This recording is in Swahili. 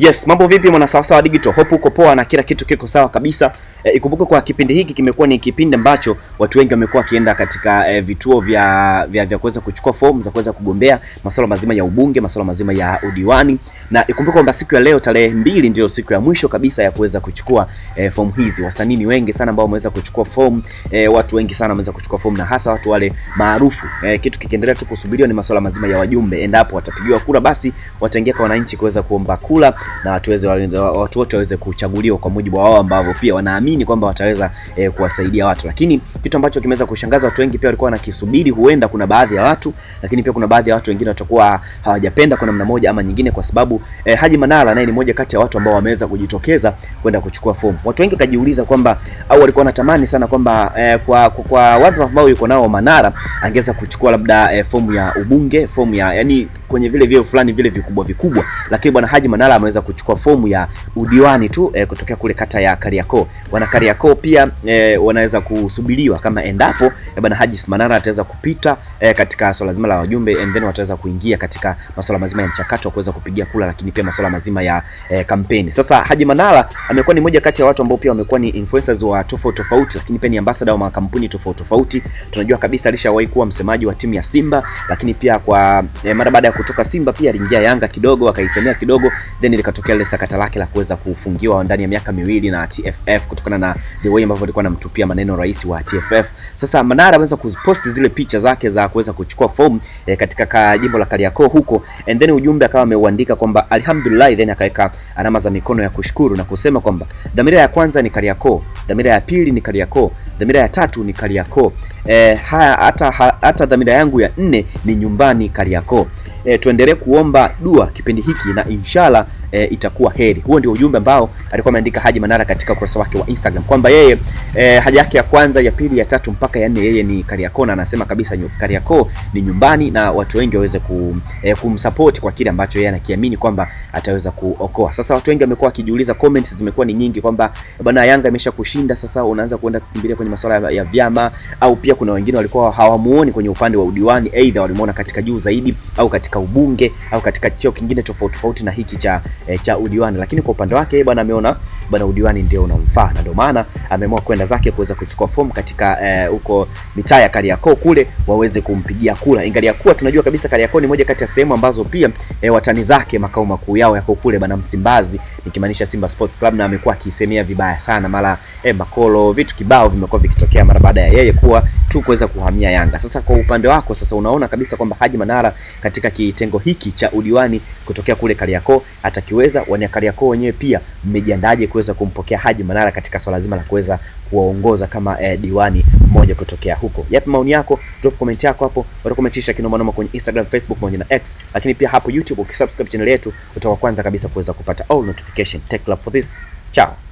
Yes, mambo vipi mwana digital? Hope uko poa na kila kitu kiko sawa kabisa. E, ikumbuke kwa kipindi hiki kimekuwa ni kipindi ambacho watu wengi wamekuwa wakienda katika e, vituo vya vya, vya kuweza kuchukua fomu za kuweza kugombea masuala mazima ya ubunge, masuala mazima ya udiwani, na ikumbuke kwamba siku ya leo tarehe mbili ndio siku ya mwisho kabisa ya kuweza kuchukua e, fomu hizi. Wasanii ni wengi sana ambao wameweza kuchukua fomu e, watu wengi sana wameweza kuchukua fomu na hasa watu wale maarufu e, kitu kikiendelea tu kusubiriwa ni masuala mazima ya wajumbe. Endapo watapigiwa kura, basi wataingia kwa wananchi kuweza kuomba kura na watu wote waweze kuchaguliwa kwa mujibu wa wao ambao pia wanaamini wanaamini kwamba wataweza e, kuwasaidia watu, lakini kitu ambacho kimeweza kushangaza watu wengi pia walikuwa wanakisubiri, huenda kuna baadhi ya watu, lakini pia kuna baadhi ya watu wengine watakuwa hawajapenda kwa namna moja ama nyingine, kwa sababu e, Haji Manara naye ni moja kati ya watu ambao wameweza kujitokeza kwenda kuchukua fomu. Watu wengi wakajiuliza kwamba au walikuwa wanatamani sana kwamba e, kwa, kwa, kwa wadhifa ambao yuko nao Manara angeweza kuchukua labda e, fomu ya ubunge, fomu ya yani kwenye vile vile fulani vile vikubwa vikubwa, lakini bwana Haji Manara ameweza kuchukua fomu ya udiwani tu e, kutokea kule kata ya Kariakoo wana Kariakoo pia e, wanaweza kusubiriwa kama endapo e, eh, bana Haji Manara ataweza kupita e, katika swala zima la wajumbe and then wataweza kuingia katika masuala mazima ya mchakato wa kuweza kupigia kula, lakini pia masuala mazima ya e, kampeni. Sasa Haji Manara amekuwa ni moja kati ya watu ambao pia wamekuwa ni influencers wa tofauti tofauti, lakini pia ni ambassador wa makampuni tofauti tofauti. Tunajua kabisa alishawahi kuwa msemaji wa timu ya Simba, lakini pia kwa e, mara baada ya kutoka Simba pia aliingia Yanga kidogo akaisemea kidogo, then likatokea ile sakata lake la kuweza kufungiwa ndani ya miaka miwili na TFF kutoka kutokana na the way ambavyo alikuwa anamtupia maneno rais wa TFF. Sasa Manara ameweza kuzipost zile picha zake za kuweza kuchukua fomu e, katika ka jimbo la Kariakoo huko and then ujumbe akawa ameuandika kwamba alhamdulillah, then akaweka alama za mikono ya kushukuru na kusema kwamba dhamira ya kwanza ni Kariakoo, dhamira ya pili ni Kariakoo, dhamira ya tatu ni Kariakoo e, hata ha, hata dhamira yangu ya nne ni nyumbani Kariakoo. E, tuendelee kuomba dua kipindi hiki na inshallah e, itakuwa heri. Huo ndio ujumbe ambao alikuwa ameandika Haji Manara katika ukurasa wake wa Instagram kwamba yeye e, haja yake ya kwanza, ya pili, ya tatu mpaka ya nne yeye ni Kariakoo, na anasema kabisa Kariakoo ni nyumbani na watu wengi waweze ku, e, kumsupport kwa kile ambacho yeye anakiamini kwamba ataweza kuokoa. Sasa watu wengi wamekuwa wakijiuliza, comments zimekuwa ni nyingi kwamba bwana, Yanga imesha kushinda, sasa unaanza kuenda kukimbilia kwenye masuala ya vyama, au pia kuna wengine walikuwa hawamuoni kwenye upande wa udiwani, aidha walimuona katika juu zaidi au katika ubunge au katika cheo kingine tofauti tofauti na hiki cha e, cha udiwani, lakini kwa upande wake bwana ameona bwana udiwani ndio unamfaa na ndio maana ameamua kwenda zake kuweza kuchukua fomu katika eh, huko e, mitaa ya Kariakoo kule waweze kumpigia kura, ingalia kuwa tunajua kabisa Kariakoo ni moja kati ya sehemu ambazo pia e, watani zake makao makuu yao yako kule bwana Msimbazi, nikimaanisha Simba Sports Club, na amekuwa akisemea vibaya sana mara e, makolo, vitu kibao vimekuwa vikitokea mara baada ya yeye kuwa tu kuweza kuhamia Yanga. Sasa kwa upande wako sasa unaona kabisa kwamba Haji Manara katika kitengo hiki cha udiwani kutokea kule Kariakoo ataki akiweza wana Kariakoo wenyewe pia mmejiandaje kuweza kumpokea Haji Manara katika swala zima la kuweza kuwaongoza kama eh, diwani mmoja kutokea huko? Yapi maoni yako? Drop comment yako hapo, utakomentisha kinoma noma kwenye Instagram, Facebook pamoja na X, lakini pia hapo YouTube ukisubscribe channel yetu utakuwa kwanza kabisa kuweza kupata all notification. Take love for this. Ciao.